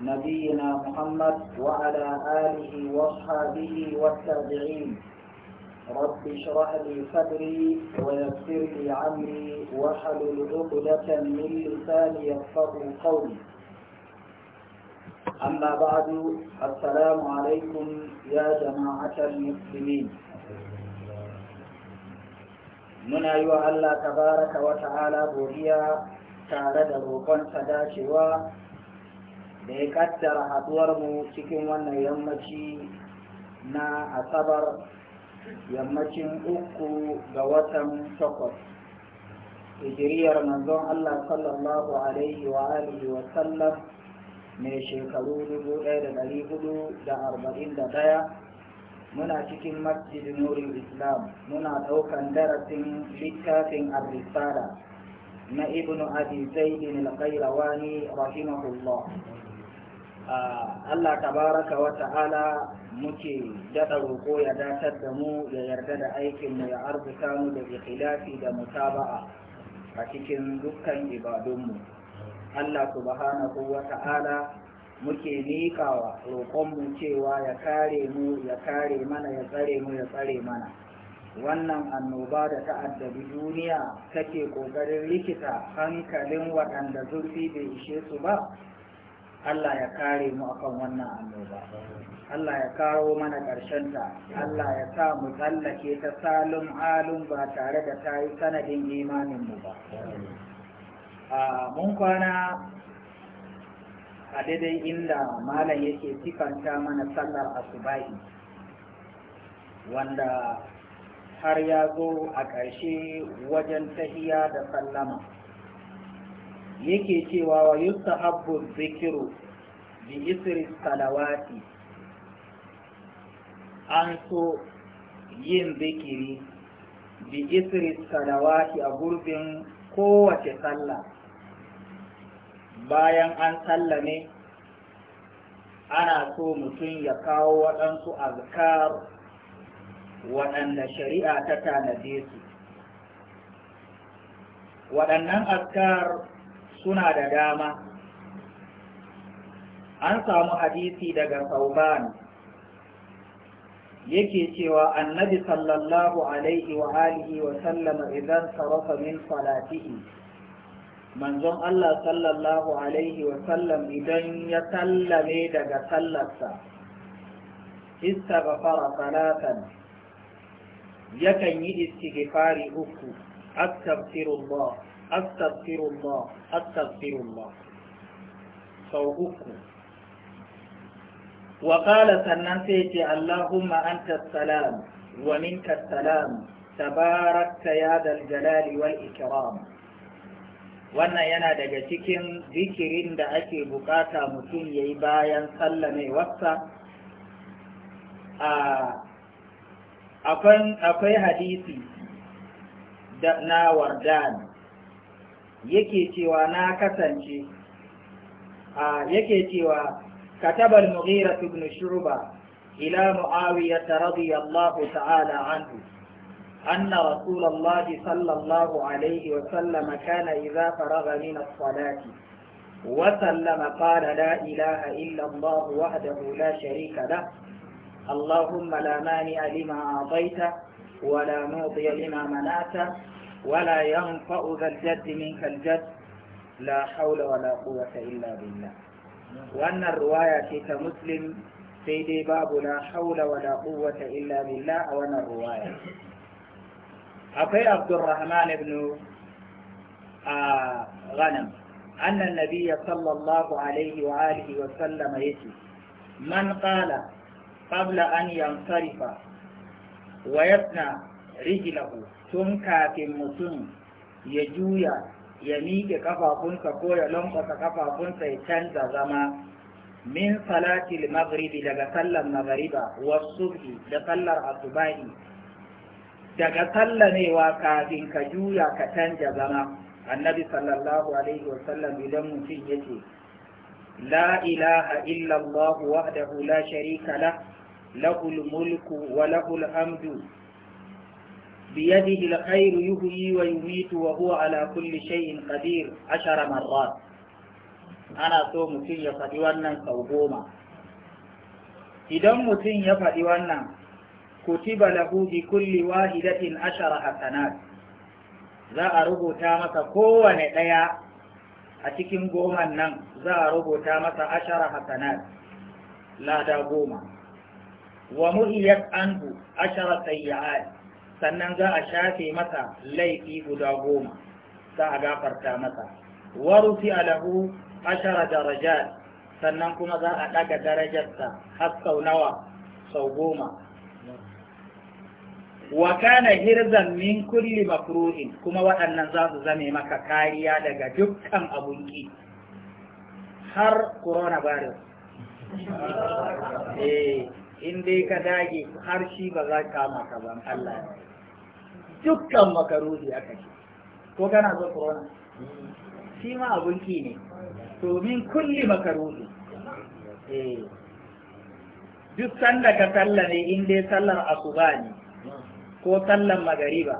نبينا محمد وعلى آله وصحبه والتابعين رب اشرح لي صدري ويسر لي عمري واحلل عقدة من لساني يفقه قولي أما بعد السلام عليكم يا جماعة المسلمين من أيها الله تبارك وتعالى بوريا تعالى godiya tare da da ya kaddara mu cikin wannan yammaci na asabar yammacin uku ga watan takwas hijiriyar manzon Allah sallallahu alaihi wa alihi wa sallam mai shekaru dubu ɗaya da ɗari hudu da arba'in da ɗaya muna cikin masjidin nurin islam muna ɗaukan darasin littafin arrisala na ibnu abi zaidin al-qayrawani rahimahullah Allah tabaraka wa ta'ala muke daɗa roƙo ya datar da mu ya yarda da aikinmu ya arzuta mu da ikhilafi da mutaba'a a cikin dukkan ibadunmu Allah subhanahu wa ta'ala muke miƙawa roƙonmu cewa ya kare mu ya kare mana ya tsare mu ya tsare mana wannan annoba da ta'addabi duniya take ƙoƙarin likita hankalin waɗanda zurfi bai ishe su ba Allah ya kare mu akan wannan annoba Allah ya kawo mana ta. Allah ya sa mu tsallake ta salun alun ba tare da ta yi sanadin imaninmu ba mun kwana a daidai inda malam yake sifanta mana sallar asubahi wanda har ya zo a ƙarshe wajen tahiya da sallama yake cewa wa yustahabbu zikiru bi isri salawati an so yin zikiri bi isri salawati a gurbin kowace sallah bayan an ne, ana so mutum ya kawo waɗansu azkar waɗanda shari'a ta tanade su waɗannan azkar suna da dama an samu hadisi daga sauban yake cewa annabi sallallahu alaihi wa alihi wa sallama idan sarrafa min salatihi manzon Allah sallallahu alaihi wa sallam idan ya sallame daga sallarsa istaghfara salatan yakan yi istighfari uku astaghfirullah astaghfirullah astaghfirullah sau uku wa sannan sai ce allahumma anta salam wa minka salam tabarakta ya dal jalali wal ikram wannan yana daga cikin zikirin da ake buƙata mutum yayi bayan sallamewarsa a akwai hadisi na wardan yake cewa na kasance a yake cewa katabar mughira ibn shurba ila muawiyata radiyallahu ta'ala anhu anna rasulullahi sallallahu alaihi wa sallama kana iza faragha min as-salati wa sallama qala la ilaha illa allah wahdahu la sharika lah اللهم لا مانع لما أعطيت ولا معطي لما منعت ولا ينفع ذا الجد منك الجد لا حول ولا قوة إلا بالله وأن الرواية كمسلم سيدي باب لا حول ولا قوة إلا بالله وأن الرواية أبي عبد الرحمن بن آه غنم أن النبي صلى الله عليه وآله وسلم يتي من قال قبل أن ينصرف ويثنى rijlahu tun kafin mutum ya juya ya miƙe kafafunsa ko ya lankwasa kafafunsa ya canza zama min salatil maghribi daga sallar maghriba wasu da sallar asubahi daga sallamewa kafin ka juya ka canza zama annabi sallallahu alaihi wasallam idan mutum ya ce la ilaha illallah wahdahu la sharika lah lahul mulku wa lahul hamdu بيده الخير يحيي ويميت وهو على كل شيء قدير عشر مرات أنا so mutum ya faɗi wannan sau goma idan mutum ya faɗi wannan kutiba lahu bi kulli wahidatin ashara hasanat za a rubuta masa kowane ɗaya a cikin goman nan za a rubuta masa ashara hasanat lada goma wa muhiyat anhu ashara sayyi'at sannan za a shafe masa laifi guda goma za a gafarta masa warufi alahu ashara darajat sannan kuma za a ɗaga darajarsa har sau nawa sau goma wa kana hirzan min kulli makruhin kuma waɗannan za su zame maka kariya daga dukkan abunki har coronavirus eh in dai ka dage har shi ba za ka kama ka ban Allah dukkan makaruhi aka ce ko kana zo corona shi ma abinci ne to min kulli makaruhi eh duk sanda ka talla ne in dai sallar asuba ne ko sallar magariba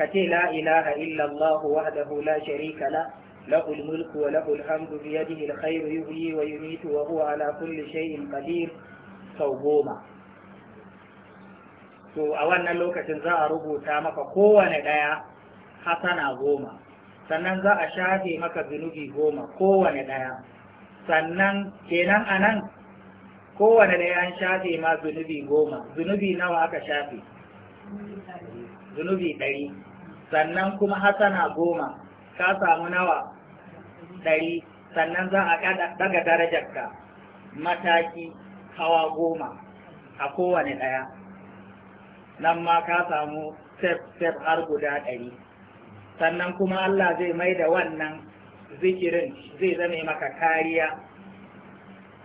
ka ce la ilaha illallah wahdahu la sharika la له الملك وله الحمد بيده الخير يحيي ويميت وهو على كل شيء قدير sau goma to a wannan lokacin za a rubuta maka kowane ɗaya hasana goma sannan za a shafe maka zunubi goma kowane ɗaya sannan kenan a nan kowane ɗaya an shafe ma zunubi goma zunubi nawa aka shafe zunubi ɗari sannan kuma hasana goma ka samu nawa ɗari sannan za a ɗaga darajarka mataki hawa goma a kowane ɗaya nan ma ka samu step step har guda ɗari sannan kuma Allah zai mai da wannan zikirin zai zame maka kariya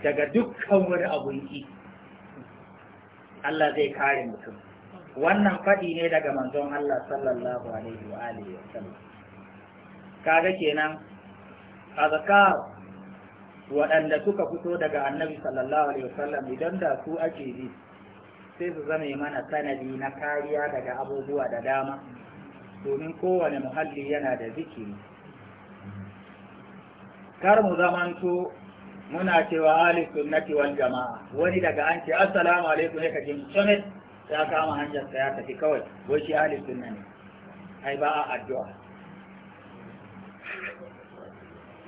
daga dukkan wani abunki Allah zai kare mutum wannan faɗi ne daga manzon Allah sallallahu alaihi wa alihi wa sallam kaga kenan azkar waɗanda suka fito daga annabi sallallahu alaihi wa sallam idan da su ake yi sai su zame mana sanadi na kariya daga abubuwa da dama domin kowane muhalli yana da zikiri kar mu zamanto muna cewa ahli sunnati wal jama'a wani daga an ce assalamu alaikum ya kaje sunnat ya kama hanyar sa ya tafi kawai wai shi ahli sunna ne ai ba a addu'a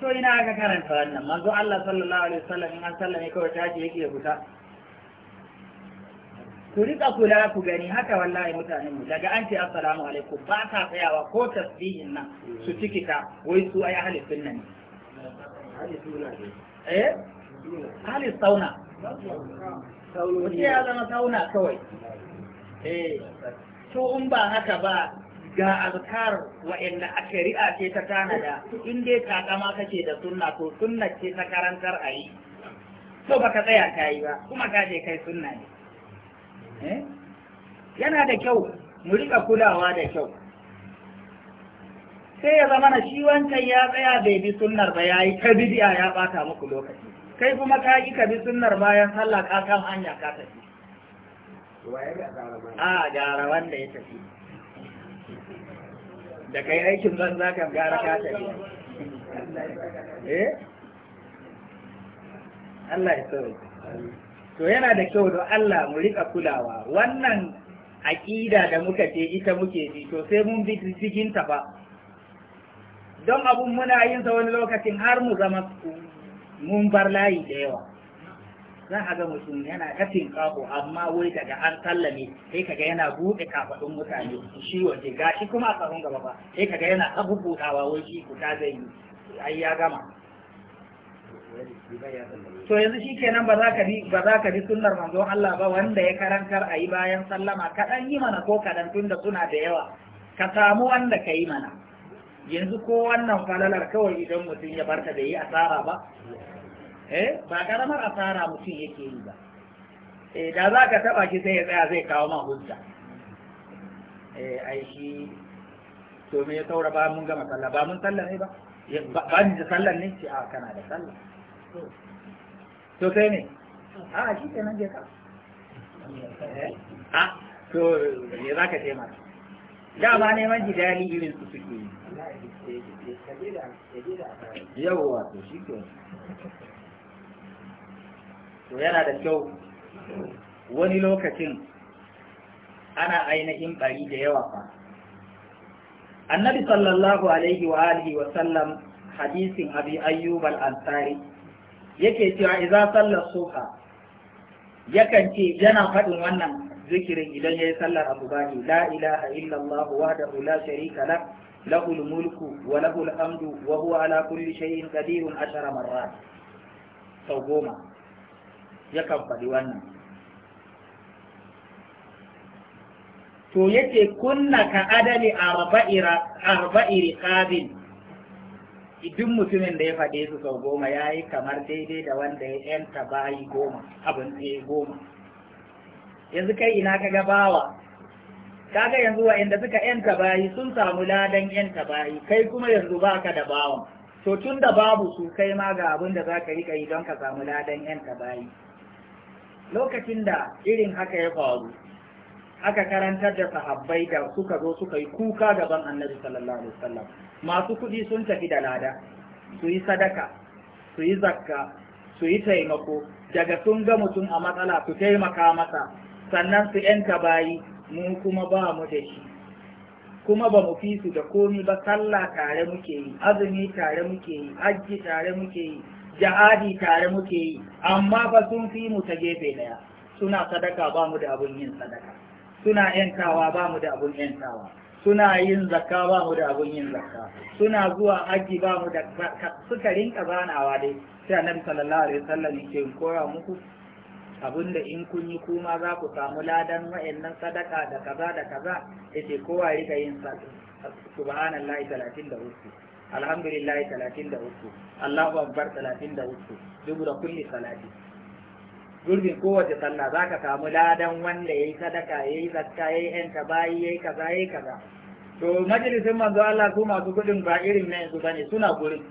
to ina aka karanta wannan manzo Allah sallallahu alaihi wasallam in an sallame kawai ce yake ya fita ku rika kula ku gani haka wallahi mutanen mu daga an ce assalamu alaikum ba ta tsayawa ko tasbihin nan su ka wai su ai ahli sunna ne eh ahli sauna sauna ya zama sauna kawai eh to in ba haka ba ga azkar wa inna ce ta da in dai kama kake da sunna to sunna ce ta karantar ayi to baka tsaya kai ba kuma ka je kai sunna ne Eh? yana da kyau mu riƙa kulawa da kyau sai ya zama na shi wancan ya tsaya bai bi sunnar ba ya yi ta bidiya ya ɓata muku lokaci kai kuma ka yi ka bi sunnar bayan sallah ka kan hanya ka tafi a gara wanda ya tafi da kai aikin banza kan gara ka tafi eh Allah ya sauya to yana da kyau da Allah mu rika kulawa wannan aƙida da muka ce ita muke ji to sai mun bi cikin ta fa don abun muna yin sa wani lokacin har mu zama mun bar layi da yawa za a ga mutum yana kafin kafo amma wai daga an sallame sai kaga yana buɗe kafaɗun mutane shi waje gashi kuma a tsaron gaba ba sai kaga yana abubuwa wai shi ku ta zai yi ai ya gama to yanzu shi kenan ba za ka bi ba za ka bi sunnar manzo Allah ba wanda ya karantar a yi bayan sallama kaɗan yi mana ko kaɗan tun da suna da yawa ka samu wanda ka yi mana yanzu ko wannan falalar kawai idan mutum ya barta da yi asara ba eh ba karamar asara mutum yake yi ba eh da za ka taɓa shi sai ya tsaya zai kawo ma hujja eh ai shi to me ya saura ba mun gama sallah ba mun sallah ne ba ba ni da sallah ne ce a kana da sallah to sai ne a shi a to za ka neman jidali irin su suke yi yawwa to shi ke to yana da kyau wani lokacin ana ainihin bari da yawa fa annabi sallallahu alaihi wa wa sallam hadisin abi ayyub al-ansari yake cewa "Iza sallar suha yakan ce yana faɗin wannan zikirin idan yayi sallar abubani la ilaha illallah wahdahu la sharika mulku wa lahu hamdu wa huwa ala kulli shay'in sau goma yakan faɗi wannan to yace kunna ka adali arba'i arba'i duk mutumin da ya faɗe su sau goma ya yi kamar daidai da wanda ya yanta bayi goma abin tsaye goma yanzu kai ina ka gabawa kaga yanzu wa inda suka yanta bayi sun samu ladan yanta bayi kai kuma yanzu ba ka da bawan to tun da babu su kai ma ga abin da za ka riƙa yi don ka samu ladan yanta bayi lokacin da irin haka ya faru aka karantar da sahabbai da suka zo suka yi kuka gaban annabi sallallahu alaihi wasallam masu kuɗi sun tafi da lada su yi sadaka su yi zakka su yi taimako daga sun ga mutum a matsala su taimaka masa sannan su yanka bayi mu kuma ba mu da shi kuma ba mu fi su da komi ba sallah tare muke yi azumi tare muke yi hajji tare muke yi jihadi tare muke yi amma ba sun fi mu ta gefe daya suna sadaka ba mu da abun yin sadaka suna yankawa ba mu da abun yankawa suna yin zakka ba mu da abun yin zakka suna zuwa haji ba mu da suka rinka zanawa dai sai annabi sallallahu alaihi wasallam yake koya muku abinda in kun yi kuma za ku samu ladan wa'annan sadaka da kaza da kaza yace kowa rika yin subhanallahi 33 da 33 Allahu akbar 33 dubura kulli salati gurbin kowace sallah za ka samu ladan wanda ya yi sadaka ya yi zakka ya yi yan bayi ya yi kaza ya yi kaza to majalisin manzo Allah su masu gudun ba irin na yanzu bane suna gurin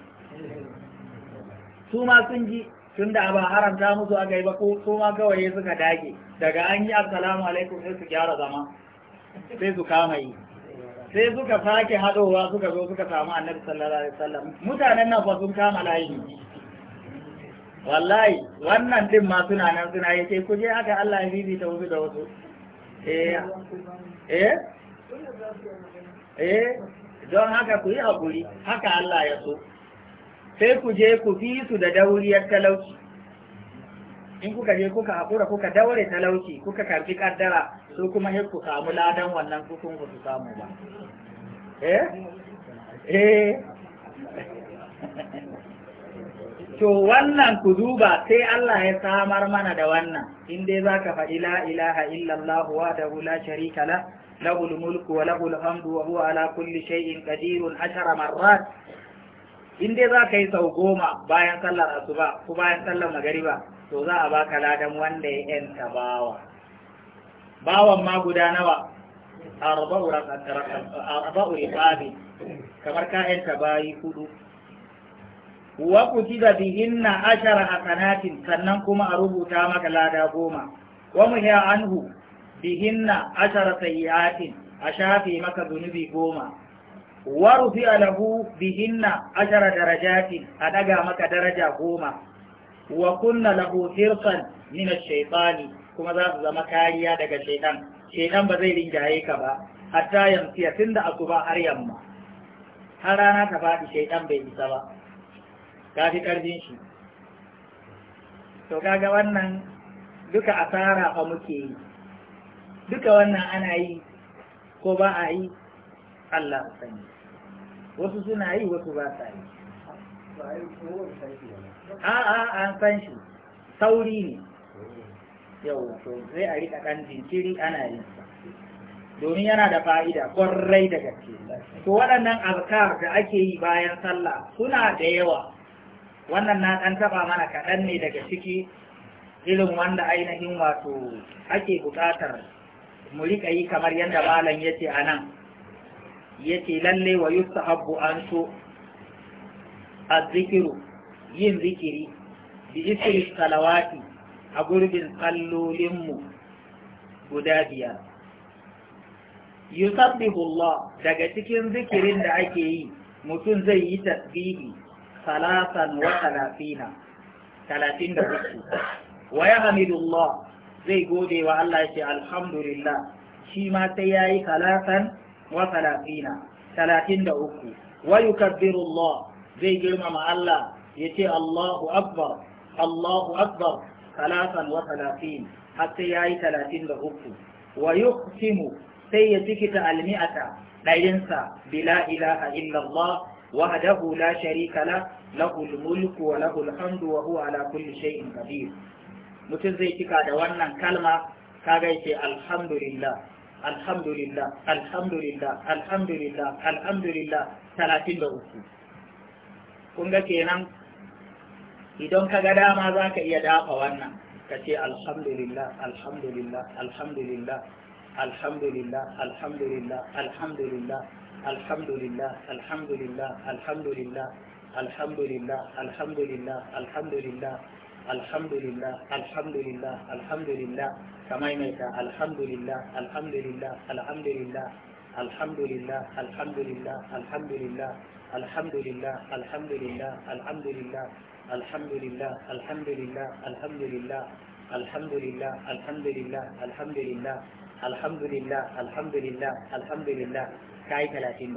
su ma sun ji tun da ba haramta musu aka yi ba ko su ma kawai suka dage daga an yi assalamu alaikum sai su gyara zama sai su kama yi sai suka sake haɗowa suka zo suka samu annabi sallallahu alaihi wasallam mutanen nan fa sun kama layi wallahi wannan din ma suna nan suna yi sai kuje aka Allah ya ta wasu da wasu eh eh eh don haka ku yi haƙuri haka Allah ya so sai ku je ku fi su da dauriyar talauci in kuka je kuka haƙura kuka daure talauci kuka karfi kaddara su kuma sai ku samu ladan wannan kukun ku su samu ba eh eh to wannan ku duba sai Allah ya samar mana da wannan in dai zaka faɗi ila ilaha illallah wa la sharika la له الملك وله الحمد وهو على كل شيء قدير عشر مرات in dai za ka yi sau goma bayan sallar asuba ko bayan sallar magariba to za a baka ladan wanda ya yanta bawa bawan ma guda nawa arba'u riqabi kamar ka yanta bayi hudu wa kutiba bihinna ashara kanatin, sannan kuma a rubuta maka lada goma wa muhiya anhu bihinna ashara sayyatin a shafi maka zunubi goma wa rufi alahu bihinna ashara darajatin a daga maka daraja goma wa kunna lahu hirsan min ash kuma za su zama kariya daga shaytan shaytan ba zai rinjaye ka ba hatta yamsiya tunda asuba har yamma har rana ta faɗi shaytan bai isa ba ka fi ƙarfin shi to kaga wannan duka asara fa muke yi duka wannan ana yi ko ba a yi Allah sani wasu suna yi wasu ba sa yi a a an san shi sauri ne yau sai a rika ɗan jinkiri ana yin domin yana da fa'ida kwarai da gaske to waɗannan azkar da ake yi bayan sallah suna da yawa wannan na ɗan taɓa mana kaɗan ne daga ciki irin wanda ainihin wato ake buƙatar mu riƙa yi kamar yadda malam ya ce a nan ya ce lalle wa abu an so a zikiru yin zikiri bi isri salawati a gurbin tsallolinmu guda biyar Yusuf Allah daga cikin zikirin da ake yi mutum zai yi tasbihi salasan wa talatin da uku wa Hamidu Allah zai gode wa Allah ya ce alhamdulillah shi ma sai ya yi talatan wa talatina talatin da uku wa yukabbiru Allah zai girmama Allah ya ce Allahu akbar Allahu akbar talatan wa talatin har sai ya yi talatin da uku wa yuqsimu sai ya tikita almi'ata ɗayansa bila ilaha illallah wahdahu la sharika la lahu mulku wa lahu alhamdu wa huwa ala kulli shay'in qadir mutum zai cika da wannan kalma kaga yake alhamdulillah alhamdulillah alhamdulillah alhamdulillah alhamdulillah talatin da uku kun ga kenan idan ka ga dama za ka iya dafa wannan ka ce alhamdulillah alhamdulillah alhamdulillah alhamdulillah alhamdulillah alhamdulillah alhamdulillah alhamdulillah alhamdulillah alhamdulillah alhamdulillah alhamdulillah alhamdulillah alhamdulillah alhamdulillah ka maimaita alhamdulillah alhamdulillah alhamdulillah alhamdulillah alhamdulillah alhamdulillah alhamdulillah alhamdulillah alhamdulillah alhamdulillah alhamdulillah alhamdulillah alhamdulillah alhamdulillah alhamdulillah alhamdulillah alhamdulillah alhamdulillah kai 33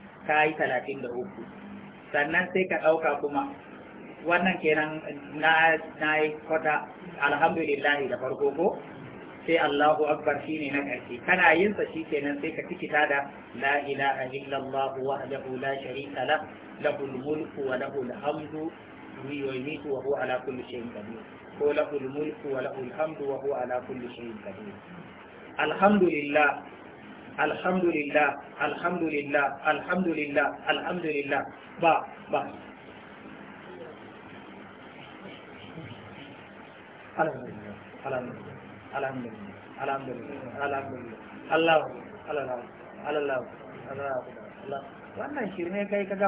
ka yi talatin da uku sannan sai ka ɗauka kuma wannan kenan na na yi kwata alhamdulillahi da farko ko sai Allahu akbar ne na ƙarshe kana yin sa kenan sai ka tikita da la ilaha illallah wahdahu la sharika la lahul mulku wa lahul hamdu yumiitu wa huwa ala kulli shay'in qadir ko lahul mulku wa lahul hamdu wa huwa ala kulli shay'in qadir alhamdulillah alhamdulillah alhamdulillah alhamdulillah alhamdulillah ba ba wannan shirme kai ka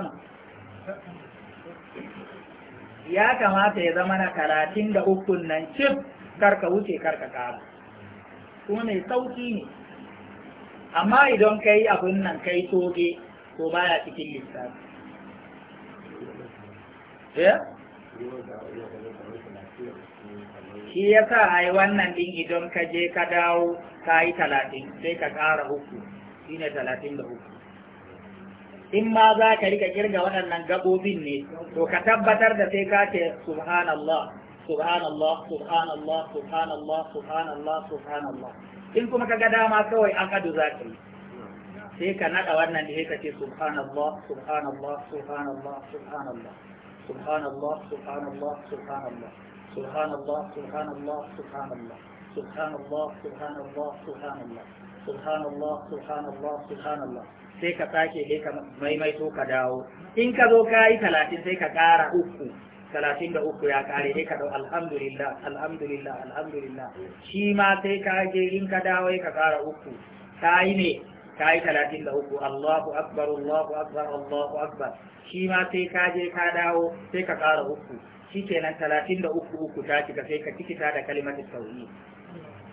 ya kamata ya zama na talatin da ukun nan cif karka wuce karka kara kuma mai sauki ne amma idan ka yi abin nan ka yi toge ba baya cikin lissafi shi ya sa a yi wannan din idan ka je ka dawo ka yi talatin sai ka kara uku shi ne talatin da uku in ma za ka rika kirga waɗannan gaɓoɓin ne to ka tabbatar da sai ka ce subhanallah subhanallah subhanallah subhanallah subhanallah subhanallah in kuma ka ga dama kawai akadu za ka yi sai ka naɗa wannan da ka ce subhanallah subhanallah subhanallah subhanallah subhanallah subhanallah subhanallah subhanallah subhanallah subhanallah subhanallah subhanallah subhanallah subhanallah subhanallah subhanallah sai ka sake sai ka maimaito ka dawo in ka zo ka yi talatin sai ka ƙara uku talatin da uku ya kare sai ka dau alhamdulillah alhamdulillah alhamdulillah shi ma sai ka je in ka dawo ka fara uku ka yi ne ka yi talatin da uku Allahu akbar Allahu akbar Allahu akbar shi ma sai ka je ka dawo sai ka fara uku shi kenan talatin da uku uku ta ka sai ka tikita da kalimatin tauhid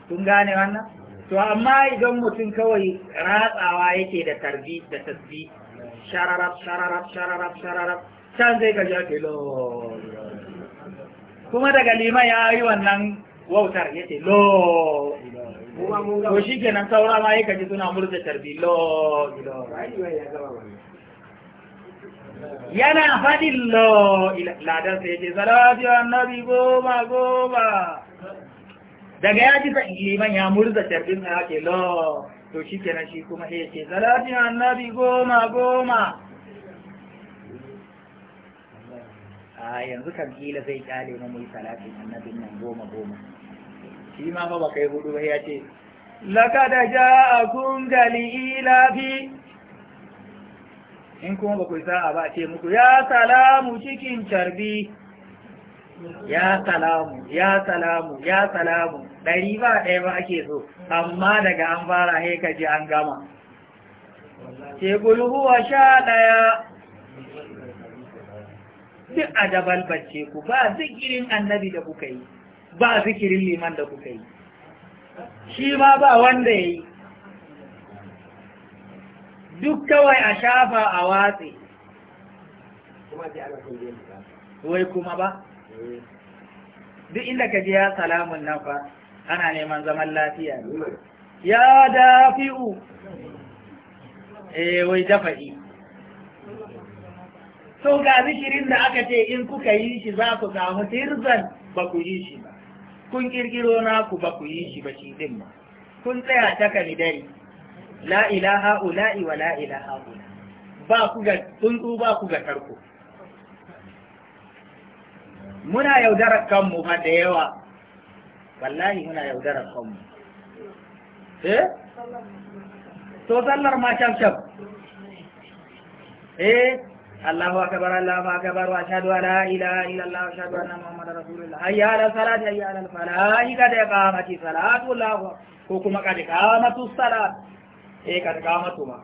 kun gane wannan to amma idan mutum kawai ratsawa yake da tarbi da tasbih shararab shararab shararab shararab can zai gaji ake lo kuma daga liman ya yi wannan wautar ya ce lo ko shi kenan saura ma yi gaji suna murza tarbi lo yana faɗi lo ladar sai ce salawati nabi goma goma daga ya ji liman ya murza tarbin ya ce lo to shi kenan shi kuma ya ce salawati nabi goma goma a yanzu kan kila zai kyale na mai salatin annabin nan goma goma shi ma fa ba hudu ba ya ce a kun dalila fi in kuma ba ku a sa'a ba ce muku ya salamu cikin carbi ya salamu ya salamu ya salamu ɗari ba ɗaya ba ake so amma daga an fara haika ji an gama ce gulhuwa sha ɗaya duk a dabalbace ku ba zikirin annabi da kuka yi ba zikirin liman da kuka yi shi ma ba wanda ya yi duk kawai a shafa a watse wai kuma ba eh. duk inda ka ji ya salamun nan fa ana neman zaman lafiya ya dafi'u eh wai dafa'i so ga zikirin da aka ce in kuka yi shi za ku samu tirzan ba ku yi shi ba kun kirkiro naku ba ku yi shi ba shi din ma kun tsaya ta dare la ilaha ula'i wa la ilaha ula ba ku ga tsuntsu ba ku ga tarko muna yaudarar kanmu ba da yawa wallahi muna yaudarar kanmu eh to sallar ma shaf shaf eh الله أكبر الله أكبر وأشهد أن لا إله إلا الله وأشهد أن محمدا رسول الله هيا على الصلاة حي على الفلاح قد قامت الصلاة الله حكم قد قامت الصلاة إيه قد قامت ما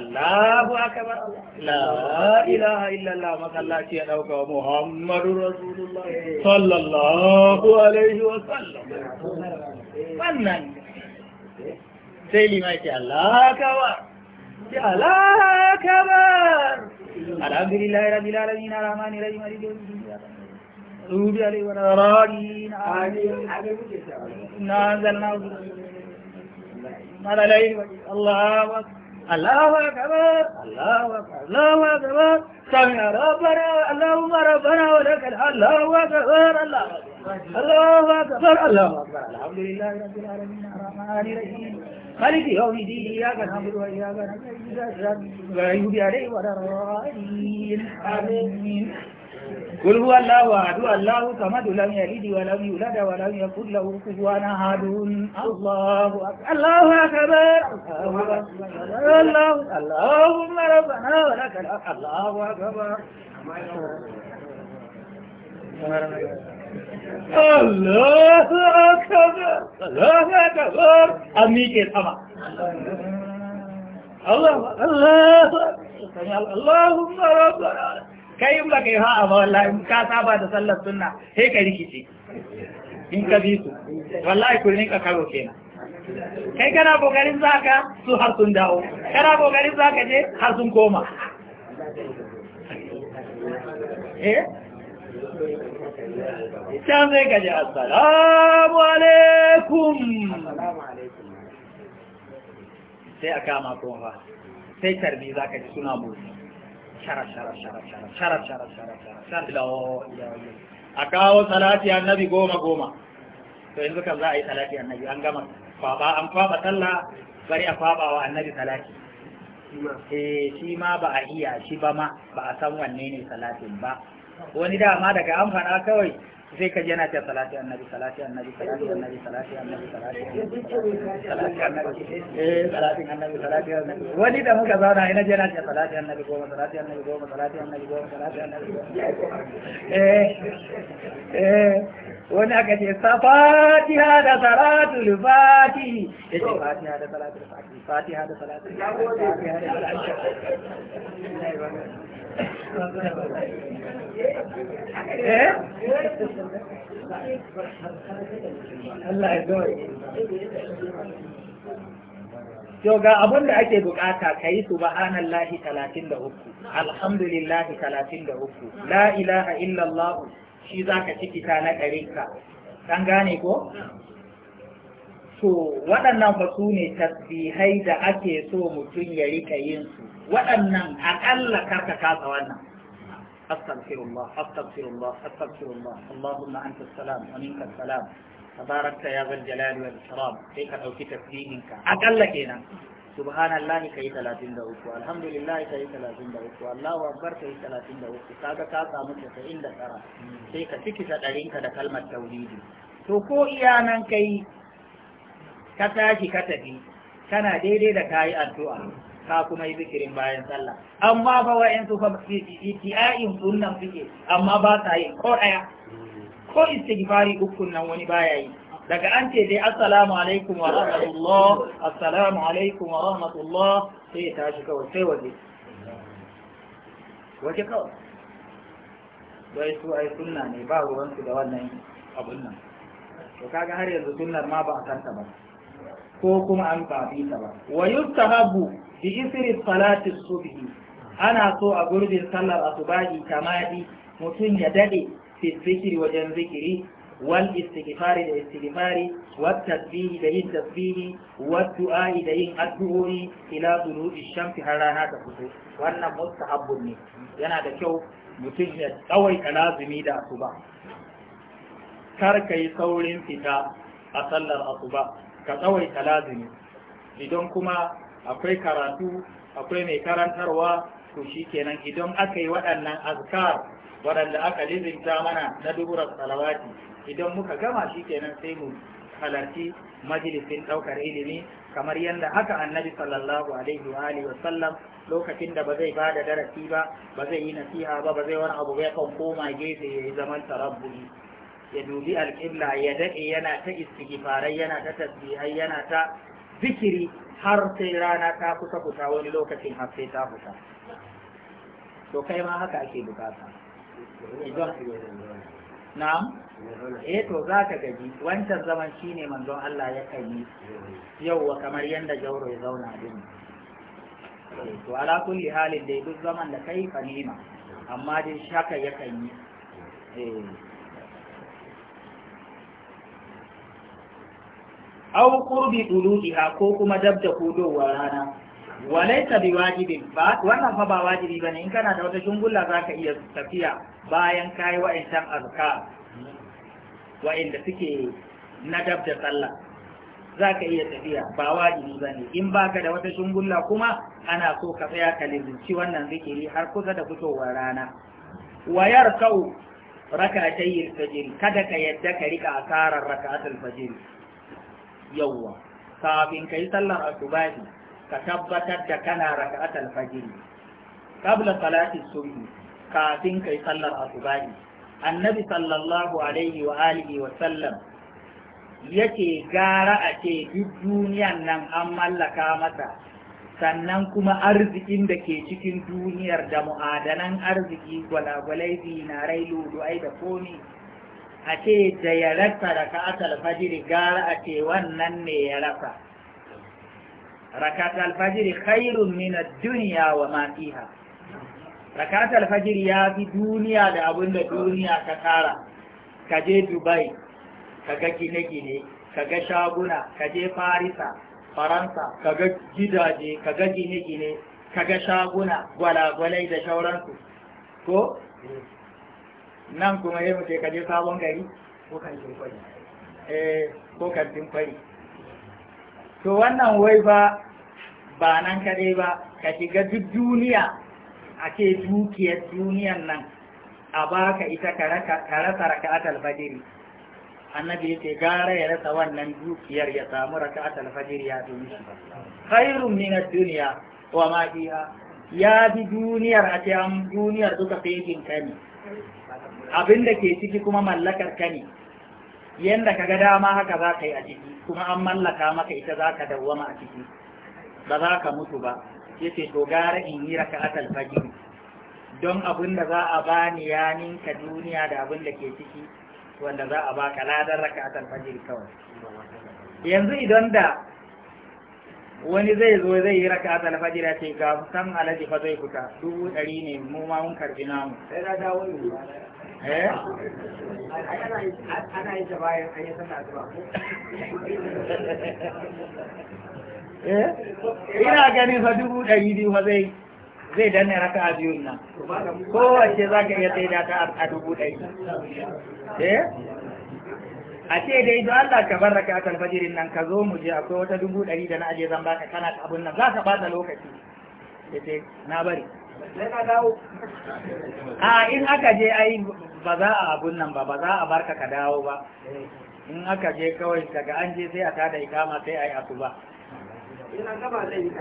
Allahu akabar la ilaha illallah masallaci ya dauka Muhammadu Rasulullah sallallahu alaihi wa sallam wannan sai limai ce Allah akabar كبر الحمد لله رب العالمين الرحمن الرحيم مالك يوم الدين روبي عليه ولا راجين نازلنا على الله أكبر الله أكبر الله أكبر الله أكبر سمع ربنا اللهم ربنا ولك الحمد الله أكبر الله أكبر الله أكبر الله أكبر الحمد لله رب العالمين الرحمن الرحيم مالك يوم الدين إياك نعبد وإياك نستعين غيب عليه ولا الضالين آمين قل هو الله أحد الله صمد لم يلد ولم يولد ولم يكن له كفوا أحد الله الله أكبر الله اللهم ربنا ولك الله أكبر Allahu akbar Allahu akbar an miƙe sama Allahu Allahu Allahu kai ba kai ha'a ba wallahi ka saba da sallar suna, sai ka rikice in ka bi su wallahi ku rinka karo kenan kai kana kokarin zaka su har sun dawo kana kokarin zaka je har sun koma eh? can zai gaji assalamu alaikum sai a kama kuma sai tarbi za ka ji suna motsi shara shara shara shara shara shara shara shara shara a kawo salati annabi goma goma to yanzu kan za a yi salati annabi an gama kwaba an kwaba sallah bari a kwaba wa annabi salati shi ma eh, ba a iya shi ba ma ba a san wanne ne salatin ba wani dama daga amfana kawai sai ka yana ce salati annabi salati annabi salati annabi salati annabi salati salati annabi eh, salati annabi salati annabi wani da muka zauna ina jana ta salati annabi goma salati annabi goma salati annabi goma salati annabi eh eh wani aka ce fatiha da salatul fatihi ya ce fatiha da salatul fatihi fatiha da salatul fatihi Eh? yau ga abin da ake bukata ka yi subhanallahi talatin da uku, alhamdulillahi talatin da uku, la ilaha illallah shi za ka ciki ta na ɗarinka, ɗan gane ko? to waɗannan ba su ne tasbihai da ake so mutum ya rika yin su waɗannan aƙalla karka kasa wannan astaghfirullah astaghfirullah astaghfirullah allahumma anta salam wa minka salam tabarakta ya zal jalal wa ikram sai ka ɗauki tasbihin ka aƙalla kenan subhanallahi kai uku. alhamdulillah kai 33 allahu akbar kai 33 kaga ka samu casa'in da tsara. sai ka ciki ta ɗarinka da kalmar tauridi. to ko iya nan kai ka tashi ka tafi kana daidai da kayi addu'a ka kuma yi zikirin bayan sallah amma ba wa'in su fa itiya'in sunnan suke amma ba ta yi ko daya ko istighfari uku nan wani baya yi daga an ce dai assalamu alaikum wa rahmatullah assalamu alaikum wa rahmatullah sai ya tashi kawai sai waje waje kawai bai su ai sunna ne ba ruwansu da wannan abun nan to kaga har yanzu sunnar ma ba a kanta ba ko kuma an fafi ta ba wa yustahabu bi isri salati subhi ana so a gurbin sallar asubahi kamadi mutum ya daɗe fi zikiri wajen zikiri wal istighfari da istighfari wat tasbihi da yin tasbihi wat du'a'i da yin addu'o'i ila dunubi shamsi har rana ta fito wannan mustahabbun ne yana da kyau mutum ya tsawai lazumi da asuba kar ka yi saurin fita a sallar asuba ka tsawaita lazimi idan kuma akwai karatu akwai mai karantarwa to kenan idan aka yi waɗannan azkar waɗanda aka lizinta mana na duburar salawati idan muka gama shi kenan sai mu halarci majalisin ɗaukar ilimi kamar yadda haka annabi sallallahu alaihi wa alihi wa lokacin da ba zai ba da darasi ba ba zai yi nasiha ba ba zai wani abu ya kan koma gefe ya yi zaman tarabbuni ya dubi alƙibla ya daɗe yana ta istighfarai yana ta tasbihai yana ta zikiri har sai rana ta kusa kusa wani lokacin har sai ta kusa to kai ma haka ake bukata idan na'am eh to za ka gaji wancan zaman shi ne manzon Allah ya kai yauwa kamar yanda jauro ya zauna din to ala kulli halin dai duk zaman da kai fa amma dai shaka ya kai eh aw qurbi tuluqiha ko kuma dabda hudowar rana ta bi wajibin ba wannan fa ba wajibi bane in kana da wata shungulla zaka iya tafiya bayan kai wa'ancan azka wa'inda suke na dabda sallah zaka iya tafiya ba wajibi bane in baka da wata shungulla kuma ana so ka tsaya ka lizinci wannan zikiri har kusa da fitowar rana wayar kau raka tayyil fajr kada ka yadda ka riƙa asarar raka'atul fajr yawwa kafin ka sallar asubahi ka tabbatar da kana raka'atul fajr qabla salati subhi kafin kai yi sallar asubahi annabi sallallahu alaihi wa alihi wa sallam yace gara a ce duk duniyan nan an mallaka masa sannan kuma arzikin da ke cikin duniyar da mu'adanan arziki gwalagwalai zinarai ludu'ai da komi a ce da ya rasa raka'at alfajiri gara a ce wannan ne ya raka, raka'at alfajiri khairun min ad-dunya wa ma fiha raka'at alfajiri ya fi duniya da abin da duniya ka tara ka je dubai ka ga gine-gine ka ga shaguna ka je farisa faransa ka ga gidaje ka ga gine-gine ka ga shaguna gwalagwalai da shauransu ko nan kuma yi muke ce sabon gari ko kantin kwari eh, to wannan wai ba ba nan kaɗai ba ka shiga duk duniya a ce dukiyar duniyan nan a baka ita ka rasa raka'atul fajiri annabi ya ce. gara ya rasa wannan dukiyar ya samu raka'atul fajiri ya dumi shi khairun min ad-dunya wa ma fiha ya bi duniyar a ce an duniyar duka fekin kani abin da ke ciki kuma mallakar ka ne yanda ka ga dama haka za ka yi a ciki kuma an mallaka maka ita za ka dawwama a ciki ba za ka mutu ba ya ce to gara in yi raka atal fajiri. don abin da za a ba ni ya ninka duniya da abin da ke ciki wanda za a ba ka baka raka atal fajiri kawai yanzu idan da wani zai zo zai yi raka ta alfajir ya ce ga san alaji fa zai fita dubu ɗari ne mu ma mun karbi namu sai na dawo ne eh ana yi yi bayan an yi sallah zuwa eh ina ganin fa dubu ɗari biyu fa zai zai danne raka a biyun nan kowace za ka iya sai da ta a dubu ɗari eh a ce dai don Allah ka bar raka akal fajirin nan ka zo mu je akwai wata dubu ɗari da na aje zan baka kana ta abun nan za ka bata lokaci ya ce na bari sai ka dawo a in aka je ai ba za a abun nan ba ba za a barka ka dawo ba in aka je kawai daga an je sai a tada ikama sai ai asuba ina ba zai yi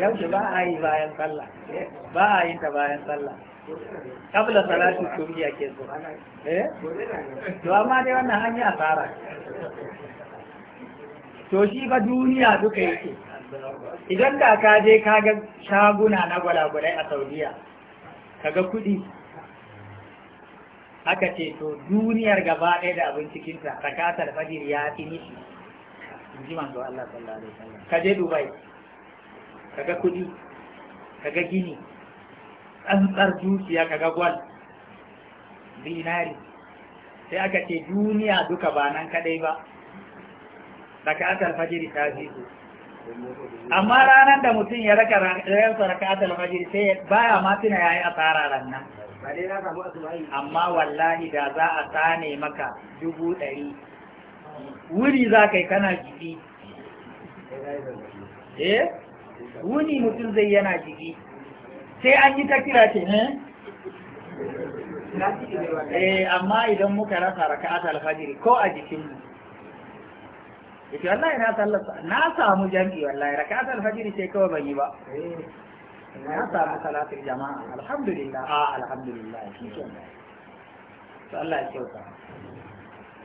yau ba a yi bayan sallah ba a yi ta bayan sallah kabla salatu kumiya ke so eh to amma dai wannan hanya tsara to shi ba duniya duka yake idan da ka je ka ga shaguna na gwalagwalai a saudiya ka ga kuɗi aka ce to duniyar gaba ɗaya da abin ta, zakatar fajir ya fi nishi in ji manzo Allah sallallahu alaihi wasallam ka je Dubai ka ga kuɗi ka ga gini tsantsar dukiya ga gwal zinari sai aka ce duniya duka ba nan kadai ba rakatar fajiri ta fi su amma ranar da mutum ya raka rayarsa rakatar fajiri sai baya ma tuna yayi asara ranar amma wallahi da za a sane maka dubu ɗari wuri za kai kana jiki eh wuni mutum zai yana jiki sai an yi ta kira ce eh, eh amma idan muka rasa raka'at ta alfajiri ko a jikin mu yace wallahi na sallar na samu jami'i wallahi raka'at ta alfajiri sai kawai ban yi ba na samu salatul jama'a alhamdulillah ah alhamdulillah shikenan to Allah ya kyauta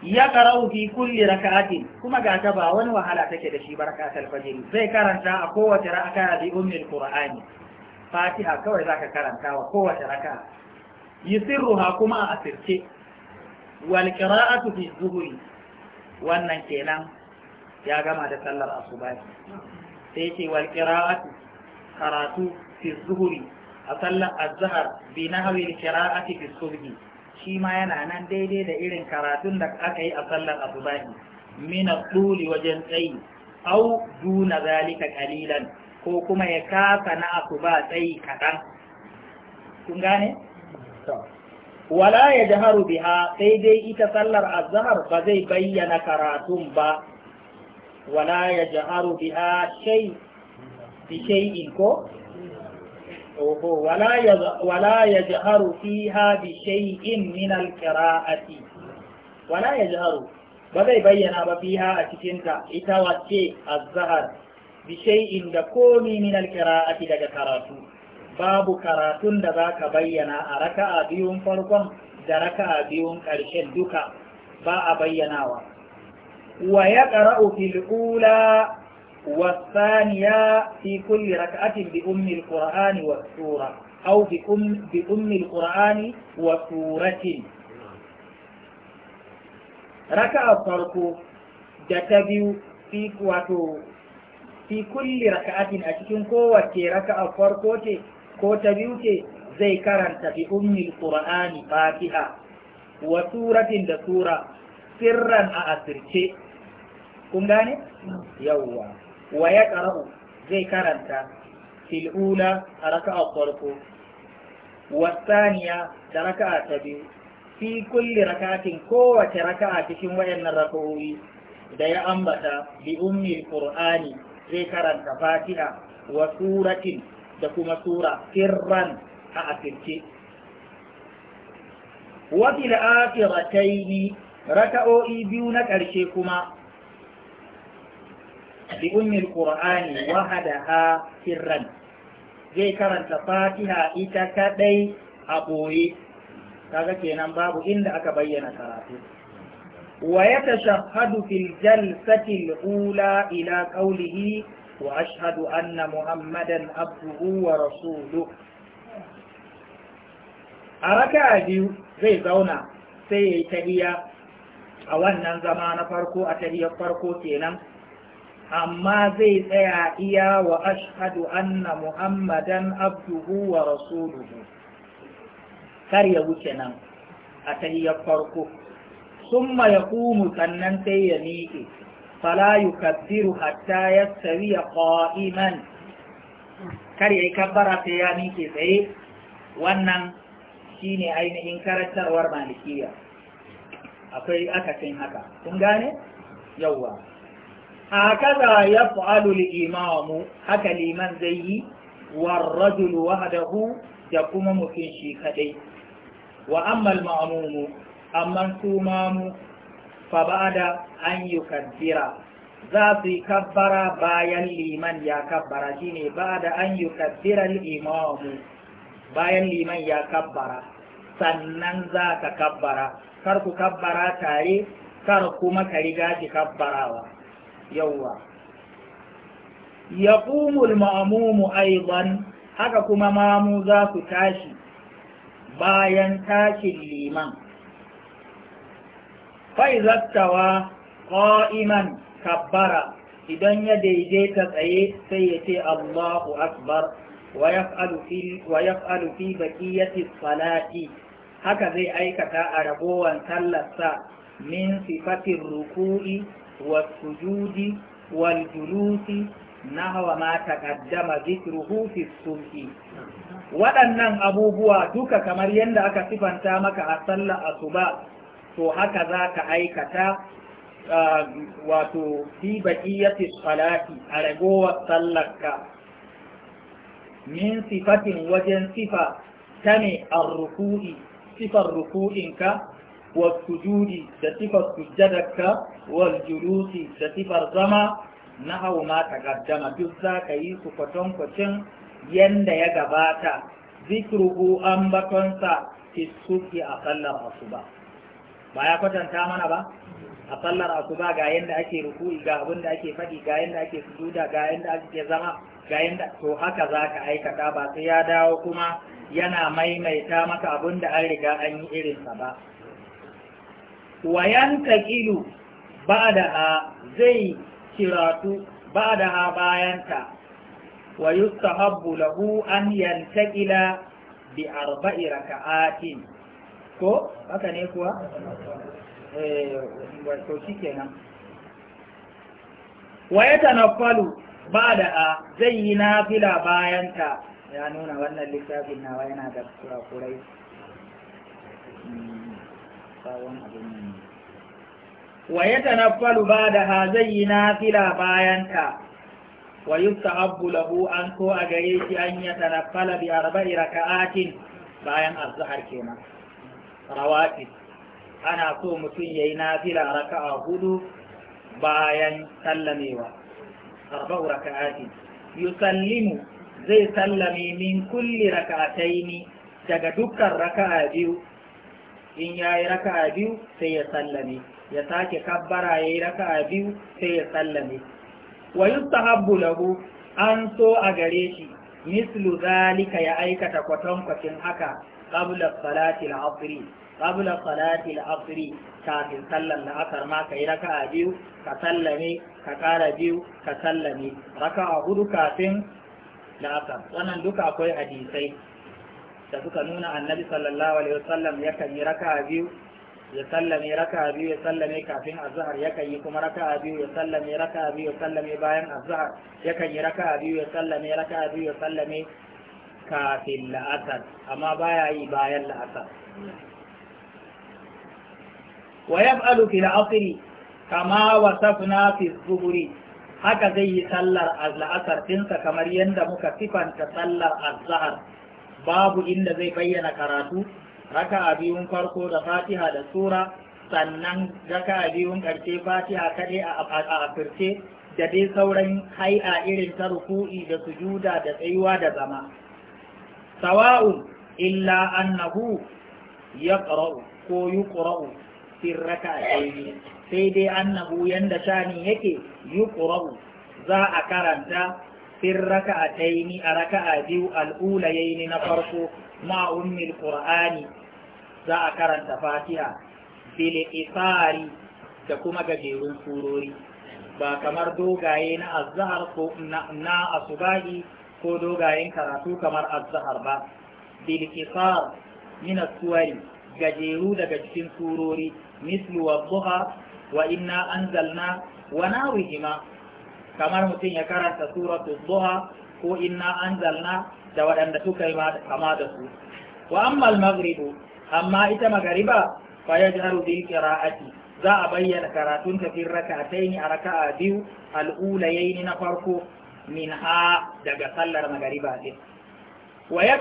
ya qara'u fi kulli raka'atin kuma ga ta ba wani wahala take da shi barakatul fajr zai karanta a kowace raka'a bi ummil qur'ani fatiha kawai zaka karanta wa kowace raka yusirruha kuma a asirce wal qira'atu fi zuhri wannan kenan ya gama da sallar asuba sai ce wal qira'atu karatu fi zuhri a sallar azhar bi nahwi al qira'ati fi subhi shi ma yana nan daidai da irin karatun da aka yi a sallar asuba min al wajen tsayi au duna zalika qalilan ko kuma ya kasa na abu ba tsayi kaɗan kun gane? wala ya haru biha sai dai ita sallar azhar ba zai bayyana karatun ba wala ya jaharu biha shai bi in ko oho wala ya wala ya fi ha bi shay'in min al-qira'ati wala ya haru, ba zai bayyana ba ha a cikinta ita wacce azhar bi shay'in da komi min alqira'ati daga karatu babu karatun da za ka bayyana a raka a biyun farkon da raka a biyun ƙarshen duka ba a bayyanawa wa ya ƙara'u fil ula wa saniya fi kulli raka'atin bi ummi alqur'ani wa sura aw bi ummi alqur'ani wa suratin raka'a farko da ta biyu fi wato fi kulli raka'atin a cikin kowace raka'a farko ce ko ta biyu ce zai karanta fi ummil qur'ani fatiha wa suratin da sura sirran a asirce kun gane yawwa wa ya qara'u zai karanta fil ula a raka'a farko wa thaniya da raka'a ta biyu fi kulli raka'atin kowace raka'a cikin wayannan raka'o'i da ya ambata bi ummil qur'ani zai karanta fatiha wa suratin da kuma sura sirran a asirce wa fil akhirataini raka'o'i biyu na ƙarshe kuma bi ummil qur'ani wahadaha sirran zai karanta fatiha ita kadai a ɓoye kaga kenan babu inda aka bayyana karatu ويتشهد في الجلسة الأولى إلى قوله وأشهد أن محمدا عبده ورسوله أركع بيو زي زونا سي تهيا أولا زمان فرقو أتهيا فرقو كينا أما زي سيعيا وأشهد أن محمدا عبده ورسوله كريا وكينا أتهيا فرقو summa ya ƙumu sannan sai ya miƙe fala yukabbiru hatta yastawi qa'iman kar yayi kabbara sai ya miƙe tsaye wannan shine ainihin karantarwar malikiya akwai akasin haka kun gane yawwa hakaza yaf'alu al-imamu haka liman zai yi war rajulu wahdahu da kuma mutum shi kadai wa amma al-ma'mumu amma su mu fa da an yukabbira za su yi kabbara bayan liman ya kabbara shine ba'da an yukabbira al-imamu bayan liman ya kabbara sannan za ka kabbara kar ku kabbara tare kar kuma ka riga ki kabbarawa yawwa yaqumul ma'mumu aidan haka kuma mamu za su tashi bayan tashin liman faizattawa ƙa'iman kabbara idan ya daidaita tsaye sai ya ce Allahu Akbar wa yaf'alu fi baqiyati salati haka zai aikata a ragowan sallarsa min sifatin ruku'i wa sujudi wal julusi hawa ma taqaddama dhikruhu fi subhi waɗannan abubuwa duka kamar yadda aka sifanta maka a sallar asuba to haka za ka aikata wato fi baƙiyyati salati a ragowar sallarka min sifatin wajen sifa ta ne ruku'i sifar ruku'inka wa sujudi da sifar sujjadarka wal julusi da sifar zama na hau ma takaddama duk za ka yi su kwatankwacin yanda ya gabata zikruhu ambatonsa fi suki a sallar asuba. ba ba ya kwatanta mana ba a sallar asuba ga yadda ake ruku'i ga abin da ake faɗi ga yadda ake sujuda ga yadda ake zama ga yadda to haka za ka aikata ba sai ya dawo kuma yana maimaita maka abin da an riga an yi irinsa ba wayan taƙilu ba da ha zai kiratu ba da ha bayanta wa yustahabbu lahu an yantaƙila bi arba'i raka'atin ko haka ne kuwa eh, wato shi kenan waya tanaffalu ba da a zai yi nafila bayanta ya nuna wannan littafin nawa yana da kurakurai sabon hmm, abin wa ya tanaffalu ba da ha zai yi nafila bayanta wa yustahabbu lahu an ko a gare shi an ya tanaffala bi arba'i raka'atin bayan azhar kenan rawatib ana so mutum ya yi nafila raka'a hudu bayan sallamewa arba'u raka'atin yusallimu zai sallame min kulli raka'ataini daga dukkan raka'a biyu in yayi raka'a biyu sai ya sallame ya sake kabbara yayi raka'a biyu sai ya sallame wa yustahabbu lahu an so a gare shi mislu zalika ya aikata kwatankwacin haka qabla salati al-asr qabla salati al-asr kafin sallan la'asar ma kai raka'a biyu ka sallame ka kara biyu ka sallame raka'a hudu kafin la'asar wannan duka akwai hadisai da suka nuna annabi sallallahu alaihi wasallam yakan yi raka'a biyu ya sallame raka'a biyu ya sallame kafin azhar yakan yi kuma raka'a biyu ya sallame raka'a biyu ya sallame bayan azhar yakan yi raka'a biyu ya sallame raka'a biyu ya sallame kafin la'asar amma baya yi bayan la'asar wa yaf'alu fil asri kama wasafna fi zuhri haka zai yi sallar a la'asar tinsa kamar yadda muka sifanta sallar azhar babu inda zai bayyana karatu raka biyun farko da fatiha da sura sannan raka biyun karshe fatiha kaɗai a afirce, da dai sauran hai'a irin ta ruku'i da sujuda da tsayuwa da zama sawa'un illa annahu ya ƙara'u ko yi ƙura'u fin sai dai annahu yanda shani yake yi za a karanta fin raka a taini raka a biyu al'ula na farko ma ummil za a karanta fatiha bil isari da kuma gajerun surori ba kamar dogaye na azhar ko na asubahi ko dogayen karatu kamar azhar ba bil qisar min as-suwari gajeru daga cikin surori mislu wa duha wa inna anzalna wa nawihima kamar mutum ya karanta suratu duha ko inna anzalna da waɗanda suka yi kama da su wa amma al-maghribu amma ita magariba fa yajharu bil qira'ati za a bayyana karatun tafin raka'ataini a raka'a biyu al-ulayaini na farko minha daga sallar magariba din wa ya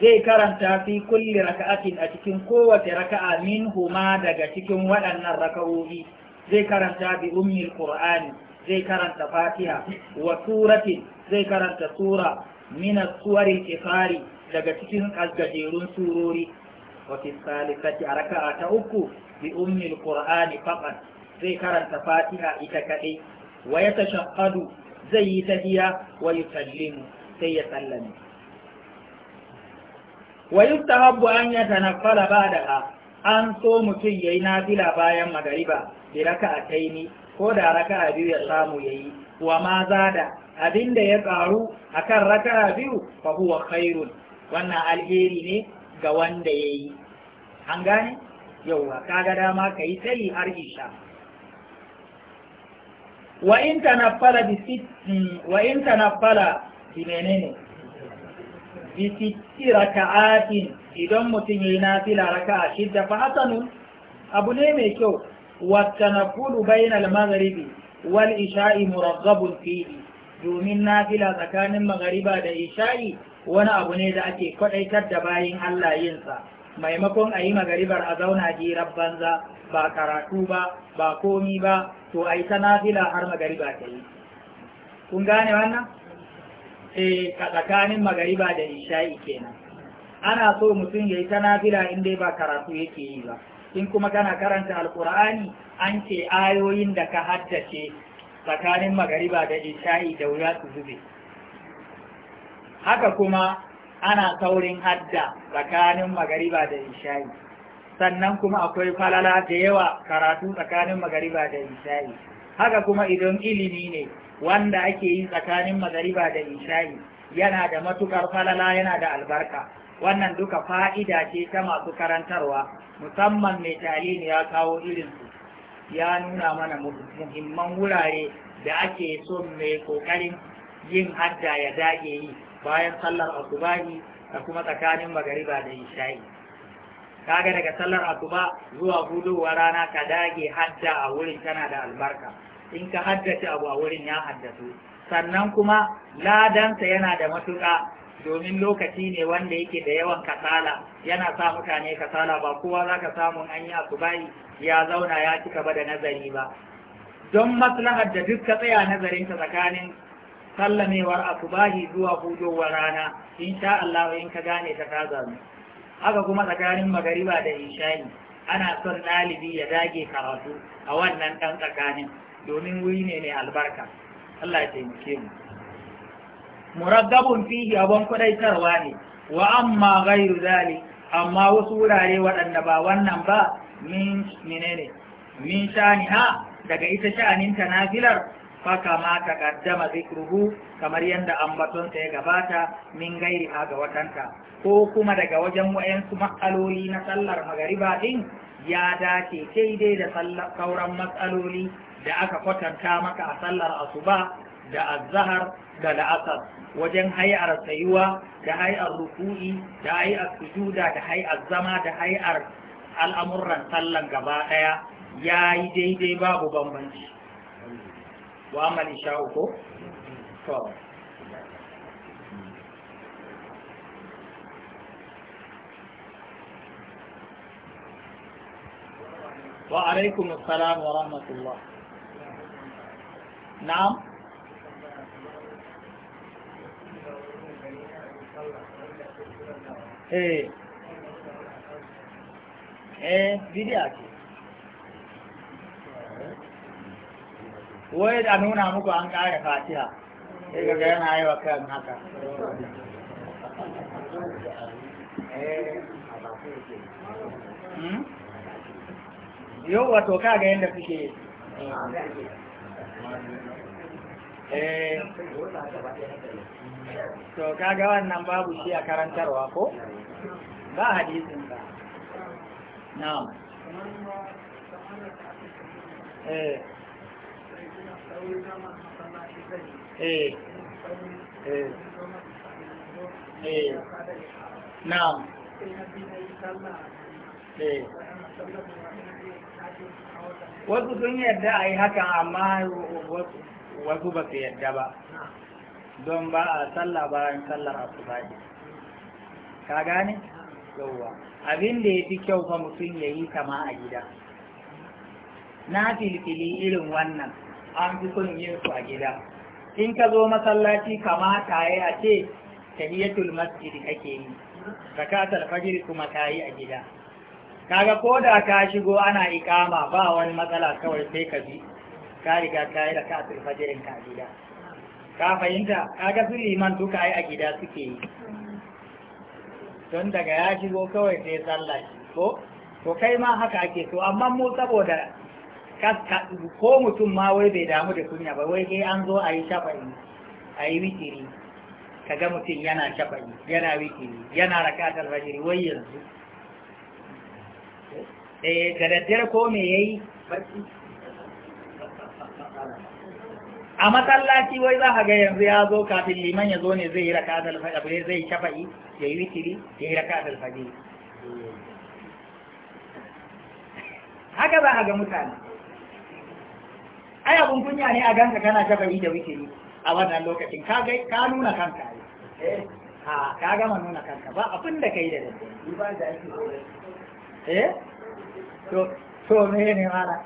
zai karanta fi kulli raka'atin a cikin kowace raka'a min huma daga cikin waɗannan raka'o'i zai karanta bi ummil qur'ani zai karanta fatiha wa suratin zai karanta sura min suwarin ifari daga cikin gajerun surori wa fi salisati a raka'a ta uku bi ummil qur'ani faqat zai karanta fatiha ita kaɗai wa yatashahhadu zai yi tahiya wa sallimu sai ya sallame wa habbu an da ha, an so mutum ya yayi nafila bayan magariba bi taimi ko da raka'a biyu ya samu ya yi. wa ma abin da ya karu akan raka'a biyu fa huwa khairun wannan alheri ne ga wanda ya yi. an gane yauwa kaga dama ka kayi tayi har isha wa in tanaffala bi sitti mm, wa in tanaffala bi menene bi sitti raka'atin idan mutum yayi nafila raka'a shidda fa hasanu abu ne mai kyau wa tanaffulu bainal maghribi wal isha'i muraghab fihi domin nafila tsakanin maghriba da isha'i wani abu ne da ake kwadaitar da bayan Allah yinsa maimakon a yi magaribar a zauna hirar banza ba karatu ba ba komi ba to a yi ta har magariba ta yi kun gane wannan eh a tsakanin magariba da isha'i kenan ana so mutum ya yi ta nafila in dai ba karatu yake yi ba in kuma kana karanta alkur'ani an ce ayoyin da ka haddace tsakanin magariba da isha'i da wuya su zube haka kuma ana saurin hadda tsakanin magariba da isha'i sannan kuma akwai falala da yawa karatu tsakanin magariba da isha'i haka kuma idan ilimi ne wanda ake yi tsakanin magariba da ishayi yana da matukar falala yana da albarka wannan duka fa'ida ce ta masu karantarwa musamman mai ne ya kawo irinsu ya nuna mana muhimman wurare da ake son mai kokarin yin hadda ya dage yi bayan sallar asubahi da kuma tsakanin magariba da isha'i kaga daga sallar asuba zuwa gudowa rana ka dage hadda a wurin tana da albarka in ka haddace abu a wurin ya haddatu sannan kuma ladansa yana da matuƙa domin lokaci ne wanda yake da yawan kasala yana sa mutane kasala ba kowa za ka samu an yi asubahi ya zauna ya cika ba da nazari ba don maslahar da duk ka tsaya nazarinta tsakanin sallamewar asubahi zuwa hudowar rana insha Allah in ka gane ta kaza mu haka kuma tsakanin magariba da isha'i ana son ɗalibi ya dage karatu a wannan ɗan tsakanin domin wuri ne mai albarka Allah ya taimake mu muraggabun fihi abon kudaitarwa ne wa amma ghairu zali amma wasu wurare waɗanda ba wannan ba min menene min ha daga ita sha'anin ta nafilar Faka ma takaddama kaddama zikruhu kamar yadda ambatonsa ya gabata min gairi a ga watanta ko kuma daga wajen wayansu matsaloli na sallar magariba din ya dace dai da sauran matsaloli da aka kwatanta maka a sallar asuba da azahar da la'asar wajen hay'ar sayuwa da hay'ar ruku'i da hay'ar sujuda da hay'ar zama da hay'ar al'amuran sallan gaba ɗaya ya yi daidai babu bambanci وعمل إن شاء وعليكم السلام ورحمة الله نعم ايه ايه بدي فيديو wai da nuna muku an ƙara fatiha sai ga yana yi wa kan haka hmm? yau wato ka ga yadda suke eh. to ga wannan babu shi a karantarwa ko ba hadisin ba na'am eh Eh. Eh. Eh. na'am wasu sun yadda a yi hakan amma wasu ba su yadda ba don ba a sallah bayan sallar asubahi ka gane yauwa abin da ya fi kyau fa mutum ya yi kama a gida na filfili irin wannan an fi son yin su a gida in ka zo masallaci kamata ya a ce tahiyatul masjid kake yi zakatul fajr kuma ta yi a gida kaga ko da ka shigo ana ikama ba wani matsala kawai sai ka bi ka riga ka yi zakatul fajrin ka a gida ka fahimta kaga su liman duka ai a gida suke yi don daga ya shigo kawai sai sallah ko ko kai ma haka ake so amma mu saboda ko mutum ma wai bai damu da kunya ba wai sai an zo a yi shafa'i a yi ka ga mutum yana shafa'i yana wikiri yana rakatar fajiri wai yanzu eh, da daddare ko me yi a masallaci wai za ka ga yanzu ya zo kafin liman ya zo ne zai yi rakatar fajiri zai shafa'i ya yi wikiri ya yi rakatar fajiri haka za a ga mutane ai abun kunya ne a ganka kana shafari da wuce ne a wannan lokacin ka ga ka nuna kanka ne eh ha ka ga mun nuna kanka ba abin da kai da ni ba da ake eh to to me ne mala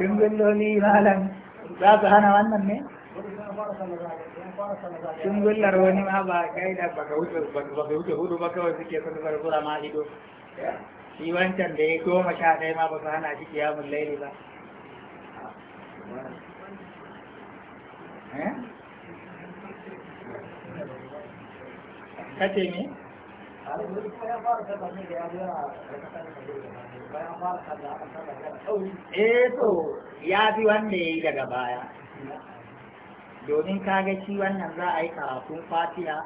in gulloli malam za ka hana wannan ne sun gullar wani ma ba kai da baka wuce wuce hudu ba kawai suke sun zarfura ma ido shi wancan da ya goma sha ɗaya ma ba su hana shi kiyamun laili ba eh? kace ne eh to ya fi wanda ya yi daga baya domin kaga shi wannan za a yi karatun fatiha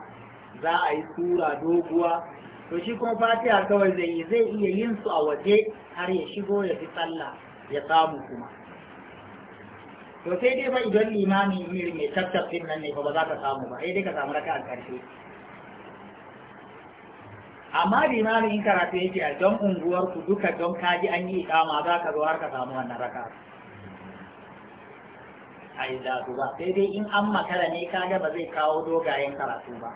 za a yi tura doguwa to shi kuma fatiha kawai zai yi zai iya yin su a waje har ya shigo ya fi sallah ya samu kuma to sai dai ba idan limami mir mai tattafin nan ne ba ba za ka samu ba sai dai ka samu raka a karshe amma limami in karatu yake a don unguwar ku duka don kaji an yi ikama za ka zo har ka samu wannan raka a yi ba sai dai in an makara ne kaga ba zai kawo dogayen karatu ba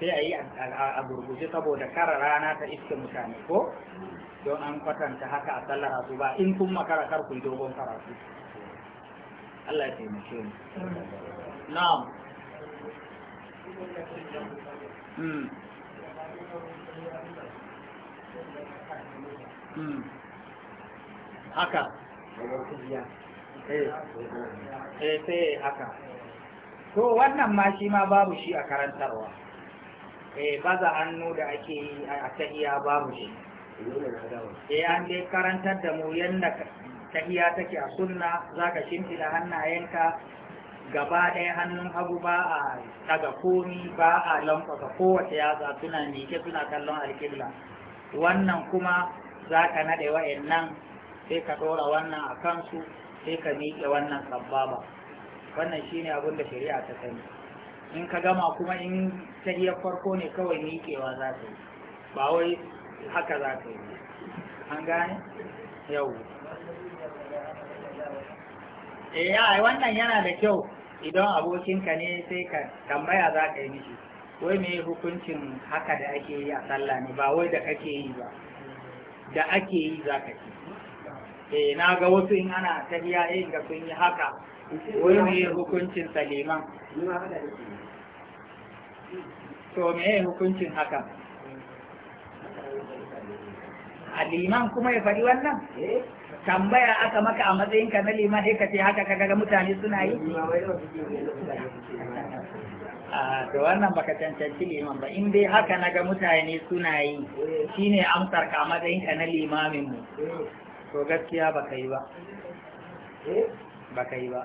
sai a yi a gurguje saboda kara rana ta iske mutane ko don an kwatanta haka a sallar su ba in kun makara kar ku dogon karatu Allah ya taimake mu na'am mm haka eh eh sai haka to wannan ma shi ma babu shi a karantarwa eh baza hannu da ake yi a tahiya babu shi E, an dai karantar da mu yadda tahiya take a sunna zaka shimfida hannayenka gaba ɗaya hannun hagu ba a daga komi ba a lankwasa kowace yatsa suna mike suna kallon alƙibla wannan kuma za ka naɗe nan, sai ka ɗora wannan a kansu sai ka miƙe wannan sabbaba wannan shine abin da shari'a ta sani in ka gama kuma in tahiyar farko ne kawai miƙewa za ta yi ba wai haka za ta yi an gane yau eh ya wannan yana da kyau idan abokinka ne sai ka tambaya za ka yi mishi wai me hukuncin haka da ake yi a sallah ne ba wai da kake yi ba da ake yi za ka ci eh na ga wasu in ana tafiya in eh, ga sun yi haka wai mai hukuncin saliman to me hukuncin haka liman kuma ya faɗi wannan eh. tambaya aka maka a matsayinka na liman ka ce haka ka ga mutane suna yi a to wannan baka cancanci liman ba in dai haka na ga mutane suna yi shine amsar ka a matsayinka na limamin mu to gaskiya baka yi ba eh. baka yi ba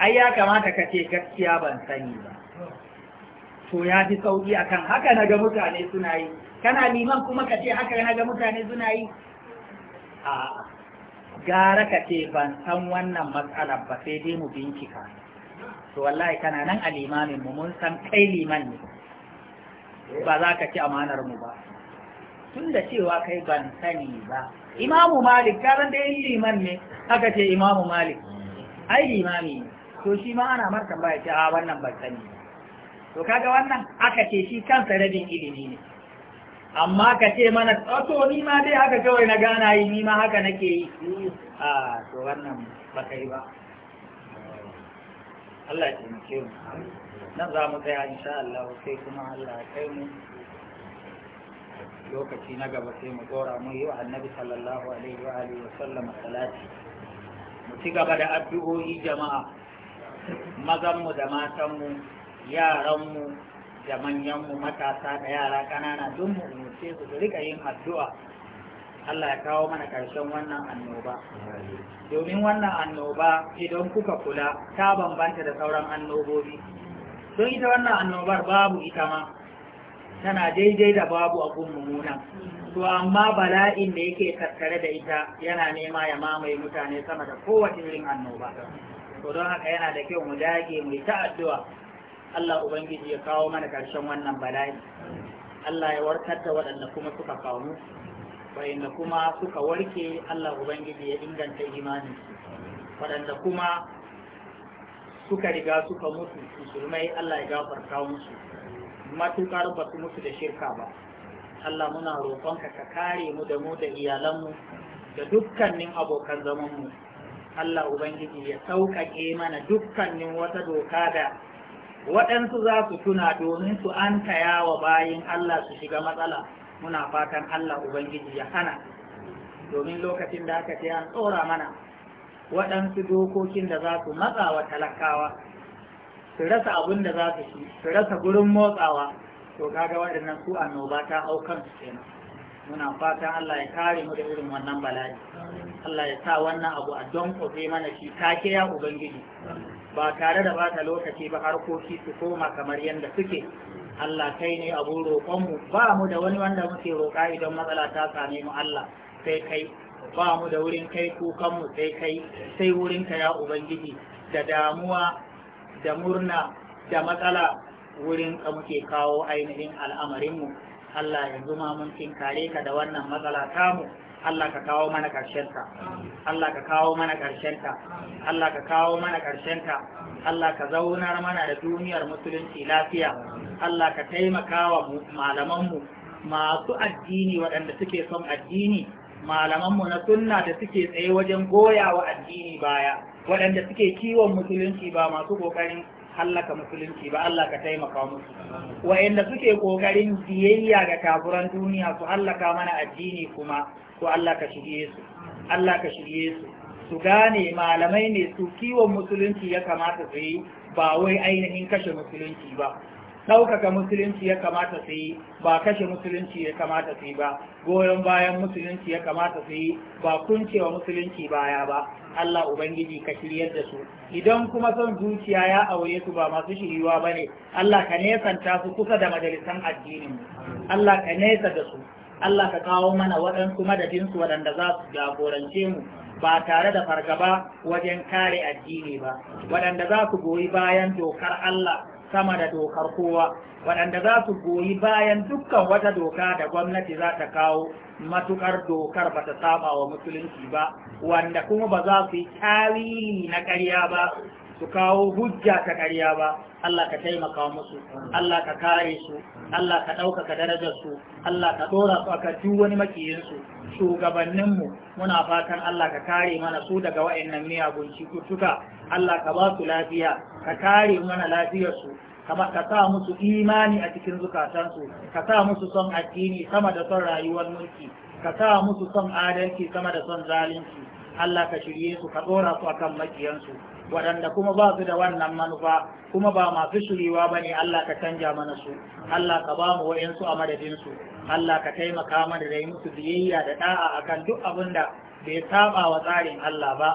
ai ya kamata ka ce gaskiya ban sani ba to ya fi sauki akan haka na ga mutane suna yi kana liman kuma ka ce haka na ga mutane suna yi a gara ka ce ban san wannan matsalar ba sai dai mu bincika to wallahi kana nan a limamin mu mun san kai liman ne ba za ka ci amanar mu ba tun da cewa kai ban sani ba imamu malik karan da yin liman ne aka ce imamu malik ai limami ne to shi ma ana ba ya ce a wannan ban sani ba to kaga wannan aka ce shi kansa rabin ilimi ne amma ka ce mana tsato oh, ni ma dai haka kawai na gana yi ni ma haka nake yi a to wannan ba kai ba Allah ya taimake mu nan za mu tsaya insha Allah sai kuma Allah kai mu lokaci na gaba sai mu tsora mu yi wa annabi sallallahu alaihi wa alihi wa sallama salati mu ci gaba da addu'o'i jama'a mazan mu da matan mu yaranmu da manyanmu matasa da yara ƙanana duk mu umurce su su rika yin addu'a Allah ya kawo mana ƙarshen wannan annoba. Domin wannan annoba idan kuka kula ta bambanta da sauran annobobi. Don ita wannan annobar babu ita ma, tana daidai da babu a mumuna To amma bala'in da yake tattare da ita yana nema ya mamaye mutane sama da kowace irin annoba. To don haka yana da kyau mu dage mu yi ta addu'a Allah Ubangiji ya kawo mana ƙarshen wannan bala'i Allah ya warkar da waɗanda kuma suka kamu waɗanda kuma suka warke Allah Ubangiji ya inganta imani waɗanda kuma suka riga suka mutu musulmai Allah ya gafarta musu matuƙar ba su mutu da shirka ba Allah muna roƙonka ka kare mu da mu da iyalanmu da dukkanin abokan zamanmu Allah Ubangiji ya sauƙaƙe mana dukkanin wata doka da waɗansu za su tuna domin su an taya wa bayin Allah su shiga matsala muna fatan Allah Ubangiji ya hana domin lokacin da aka ce an tsora mana waɗansu dokokin da za su matsa talakawa su rasa abin da za su shi su rasa gurin motsawa to kaga waɗannan su annoba ta aukan su kenan muna fatan Allah ya kare mu da irin wannan bala'i Allah ya sa wannan abu a don kofe mana shi take ya ubangiji ba tare da bata lokaci ba harkoki su koma kamar yadda suke Allah kai ne abun roƙonmu ba mu da wani wanda muke roƙa idan matsala ta same mu Allah sai kai ba mu da wurin kai kukanmu sai kai sai wurin ka ya ubangiji da damuwa da murna da matsala wurin ka muke kawo ainihin al'amarinmu Allah yanzu ma mun tinkare ka da wannan matsala mu. Allah ka kawo mana ƙarshenta Allah ka kawo mana ƙarshenta Allah ka kawo mana ƙarshenta Allah ka zaunar mana da duniyar musulunci lafiya Allah ka taimaka wa malamanmu masu addini waɗanda suke son addini malamanmu na sunna da suke tsaye wajen goya wa addini baya waɗanda suke kiwon musulunci ba masu ƙoƙarin hallaka musulunci ba Allah ka taimaka musu wa'anda suke kokarin biyayya ga kafuran duniya su hallaka mana addini kuma to Allah ka shirye su Allah ka shirye su su gane malamai ne su kiwon musulunci ya kamata su yi ba wai ainihin kashe musulunci ba ɗaukaka musulunci ya kamata su yi ba kashe musulunci ya kamata su yi ba goyon bayan musulunci ya kamata su yi ba kuncewa musulunci baya ba Allah Ubangiji ka shiryar da su idan kuma son zuciya ya aure su ba masu shiriwa ba ne Allah ka nesanta su kusa da majalisan addinin Allah ka nesa da su Allah ka kawo mana waɗansu madadinsu waɗanda za su jagorance mu ba tare da fargaba wajen kare addini ba waɗanda za su goyi bayan dokar Allah sama da dokar kowa waɗanda za su goyi bayan dukkan wata doka da gwamnati za ta kawo matuƙar dokar ba ta saba wa musulunci ba wanda kuma ba za su yi tarihi na ƙarya ba su kawo hujja ta ƙarya ba Allah ka taimaka musu Allah ka kare su Allah ka ɗaukaka darajarsu Allah ka ɗora su aka duk wani makiyinsu shugabanninmu muna fatan Allah ka kare mana su daga wa'annan miyagun cututtuka Allah ka ba su lafiya ka kare mana lafiyarsu ka sa musu imani a cikin zukatansu ka sa musu son addini sama da son rayuwar mulki ka sa musu son adalci sama da son zalunci Allah ka shirye su ka tsora su akan makiyansu waɗanda kuma ba su da wannan manufa kuma ba masu shiriwa ba ne Allah ka canja mana su Allah ka ba mu wa'insu a madadinsu Allah ka taimaka mana da yi musu biyayya da ɗa'a akan duk abin da bai saba wa tsarin Allah ba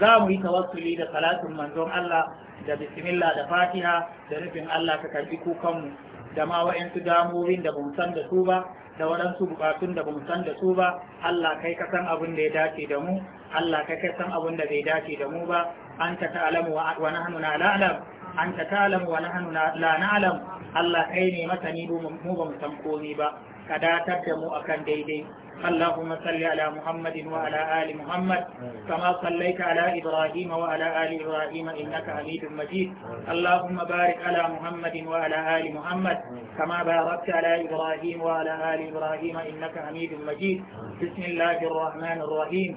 za mu yi tawassuli da salatin manzon Allah da bismillah da fatiha da nufin Allah ka karbi kukanmu da ma wa'yansu damuwin da bamu san da su ba da waɗansu bukatun da bamu san da su ba Allah kai ka san abin da ya dace da mu Allah kai ka san abin da bai dace da mu ba anta ta'lamu wa nahnu la na'lam anta ta'lamu wa nahnu la na'lam Allah kai ne masani mu ba mu san komai ba ka datar da mu akan daidai اللهم صل على محمد وعلى آل محمد كما صليت على إبراهيم وعلى آل إبراهيم إنك حميد مجيد اللهم بارك على محمد وعلى آل محمد كما باركت على إبراهيم وعلى آل إبراهيم إنك حميد مجيد بسم الله الرحمن الرحيم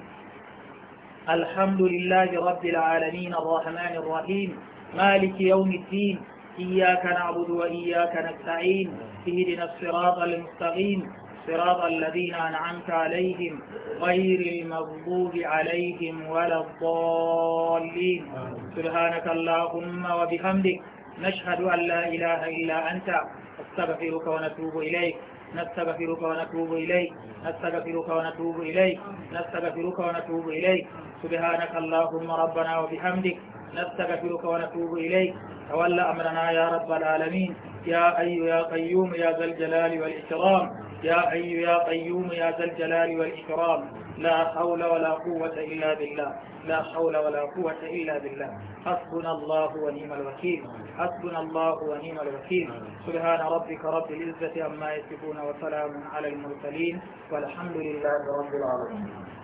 الحمد لله رب العالمين الرحمن الرحيم مالك يوم الدين إياك نعبد وإياك نستعين اهدنا الصراط المستقيم صراط الذين أنعمت عليهم غير المغضوب عليهم ولا الضالين سبحانك اللهم وبحمدك نشهد أن لا إله إلا أنت نستغفرك ونتوب إليك نستغفرك ونتوب إليك نستغفرك ونتوب إليك نستغفرك ونتوب إليك سبحانك اللهم ربنا وبحمدك نستغفرك ونتوب إليك تول أمرنا يا رب العالمين يا أي يا قيوم يا ذا الجلال والإكرام يا أي يا قيوم يا ذا الجلال والإكرام لا حول ولا قوة إلا بالله لا حول ولا قوة إلا بالله حسبنا الله ونعم الوكيل حسبنا الله ونعم الوكيل سبحان ربك رب العزة عما يصفون وسلام على المرسلين والحمد لله رب العالمين